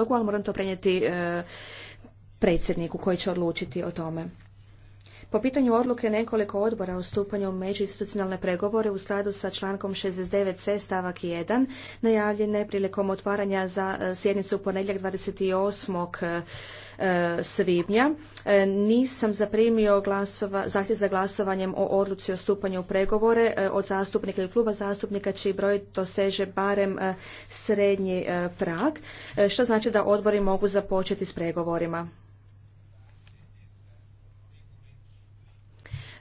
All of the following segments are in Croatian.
odluku, ali moram to prenijeti e, predsjedniku koji će odlučiti o tome. Po pitanju odluke nekoliko odbora o stupanju u međuinstitucionalne pregovore u skladu sa člankom 69c stavak 1 najavljene prilikom otvaranja za e, sjednicu u ponedjeljak 28 e, svibnja. E, nisam zaprimio glasova, zahtjev za glasovanjem o odluci o stupanju u pregovore od zastupnika ili kluba zastupnika čiji broj doseže barem srednji prag, što znači da odbori mogu započeti s pregovorima.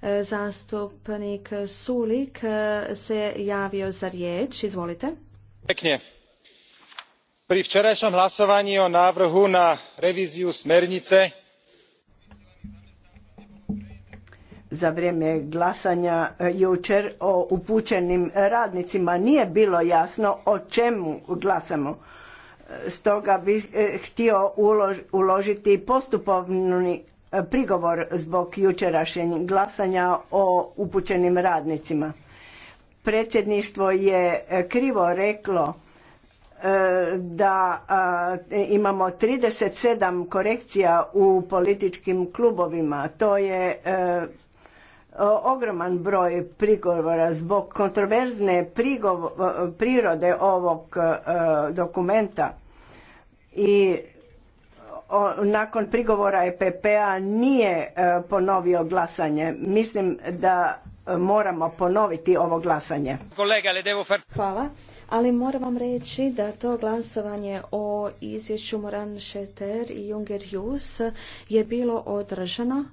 E, zastupnik Sulik e, se javio za riječ. Izvolite. Pekne. Pri včerajšom o návrhu na reviziju smernice za vrijeme glasanja e, jučer o upućenim radnicima nije bilo jasno o čemu glasamo. Stoga bih htio uložiti postupovni prigovor zbog jučerašnjeg glasanja o upućenim radnicima. Predsjedništvo je e, krivo reklo e, da e, imamo 37 korekcija u političkim klubovima. To je ogroman broj prigovora zbog kontroverzne prirode ovog dokumenta i nakon prigovora EPP-a nije e, ponovio glasanje. Mislim da e, moramo ponoviti ovo glasanje. Hvala, ali moram vam reći da to glasovanje o izvješću Moran Šeter i Junger Jus je bilo održano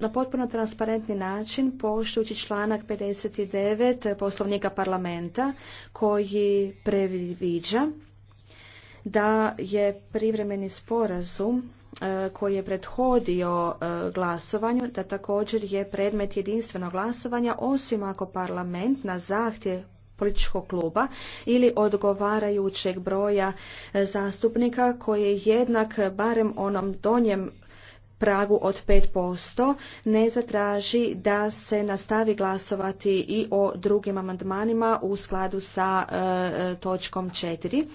na potpuno transparentni način poštujući članak 59 poslovnika parlamenta koji previđa da je privremeni sporazum e, koji je prethodio e, glasovanju, da također je predmet jedinstvenog glasovanja, osim ako parlament na zahtjev političkog kluba ili odgovarajućeg broja e, zastupnika koji je jednak barem onom donjem pragu od 5% ne zatraži da se nastavi glasovati i o drugim amandmanima u skladu sa točkom 4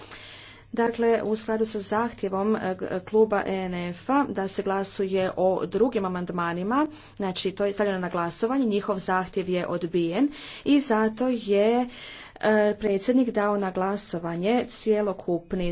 Dakle, u skladu sa zahtjevom e, kluba ENF-a da se glasuje o drugim amandmanima, znači to je stavljeno na glasovanje, njihov zahtjev je odbijen i zato je e, predsjednik dao na glasovanje cjelokupni